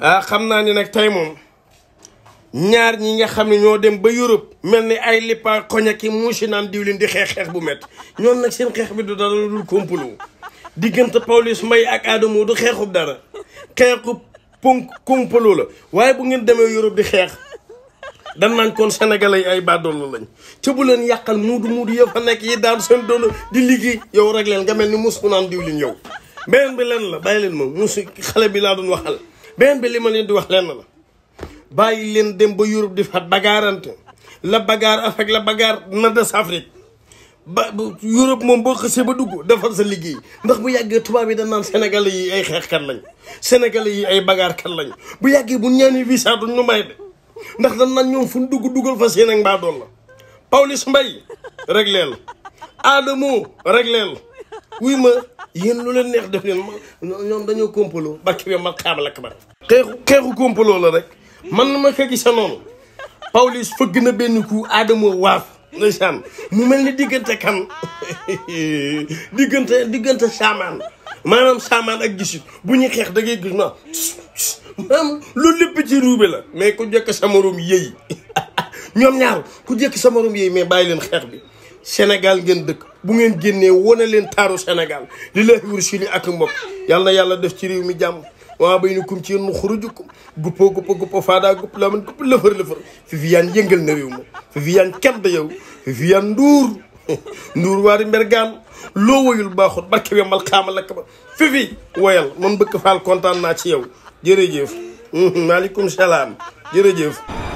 ah xam naa ni nag tey moom ñaar ñi nga xam ne ñoo dem ba Europe mel ni ay lippa koña ki muusi naan diwlin di xeex xeex bu mett ñoom nag seen xeex bi du dara dul komplo diggante Pawlish Mbaye ak Adamo du xeexub dara xeexub pon komplo la waaye bu ngeen demee Europe di xeex dan naan kon sénégalais yi ay baadoolo lañ ca bu leen yàqal muudu muudu ya fa nekk yi daan seen doon di liggéey yow rek leen nga mel ni mus ku naan diwlin yow beneen bi leen la bàyyi leen moom musu xale bi laa doon waxal beneen bi li ma leen di wax lenn la bàyyi leen dem ba Europe di fa bagaarante la bagaar Afrique la bagaar na des Afrique ba Europe moom boo xësee ba dugg defar sa liggéey ndax bu yàggee tubaab yi dañ naan sénégalais yi ay xeex xeexkat lañ sénégalais yi ay bagaarkat lañ bu yàggee bu ñaani visa duñ ñu may de ndax dañ naan ñoom fu dugg dugal fa seen ak la doon la Pawlish Mbaye régleel Adamo régleel wuy ma yéen lu leen neex def leen ma ñoom dañoo kompaloo barke bi ma xaabal ak man xeexu xeexu la rek man ma ko gisa noonu Pawlish fëgg na benn coup Adama waaf ndeysaan mu mel ni diggante kan diggante diggante saamaan maanaam saamaan ak gisit bu ñuy xeex daggee ngay gis ma maanaam loolu lépp ci la mais ku jëkk sa morom yëy ñoom ñaar ku jëkk sa morom yëy mais bàyyi leen xeex bi Sénégal ngeen dëkk bu ngeen génnee wane leen taaru Sénégal li lay wër ak mbokk yàlla na yàlla def ci réew mi jàmm waa bay nu ci yéen mu xurujukum guppoo guppa guppa faadaa gupp laa man gupp lëfër lëfër Viviane yëngal na réew ma Viviane kenn da yow Viviane Ndour Ndour waari mbergaan loo woyul baaxut barke bi mal lakk ba fifi woyal man bëgg faal kontaan naa ci yow jërëjëf maaleykum salaam jërëjëf